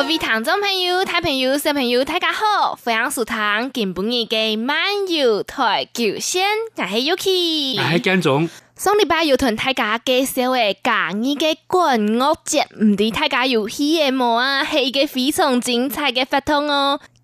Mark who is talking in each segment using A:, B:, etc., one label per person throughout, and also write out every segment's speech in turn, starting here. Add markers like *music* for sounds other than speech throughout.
A: 各位聽眾朋友、大朋友、小朋友，大家好！歡迎收聽今本日嘅漫遊台九線，我係 Yuki，我係姜總。上禮拜有同大家介紹嘅嘉義嘅管樂節，唔知大家有去嘅冇啊？係一個非常精彩嘅活動哦。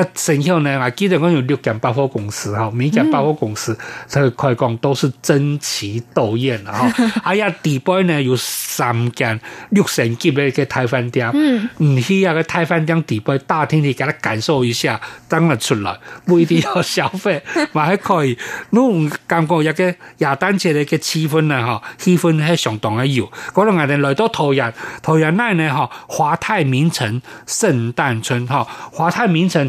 B: 一成後呢，我記得我有六間百貨公司，哈，每間百貨公司，再開工都是爭奇鬥艷，哈、哦，哎 *laughs* 呀、啊，底部呢有三間六星級嘅嘅大飯店，嗯，嗯，去、那、啊個台灣大飯店底部大廳，你給他感受一下，等了出來，不一定要消費， *laughs* 還可以，嗱，我感覺一個耶誕節嘅氣氛呢，哈，氣氛係相當的有，可能我哋來到桃園，桃園內呢，哈，華泰名城聖誕村，哈、哦，華泰名城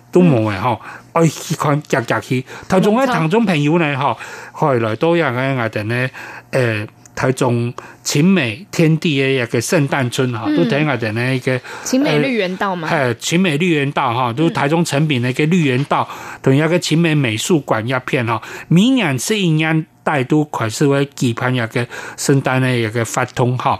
B: 都冇誒吼，我血菌夾夾去。台中咧台中朋友呢嗬，後來都有人喺外邊誒，台中勤美天地誒，一個聖誕村哈、嗯，都睇喺外邊咧一個勤美綠園道嘛，誒、呃，勤美綠園道哈、嗯，都台中誠品嘅一個綠園道，嗯、同樣一個勤美美術館一片哈，明年是元旦都款式會舉辦一個聖誕嘅一個發通哈。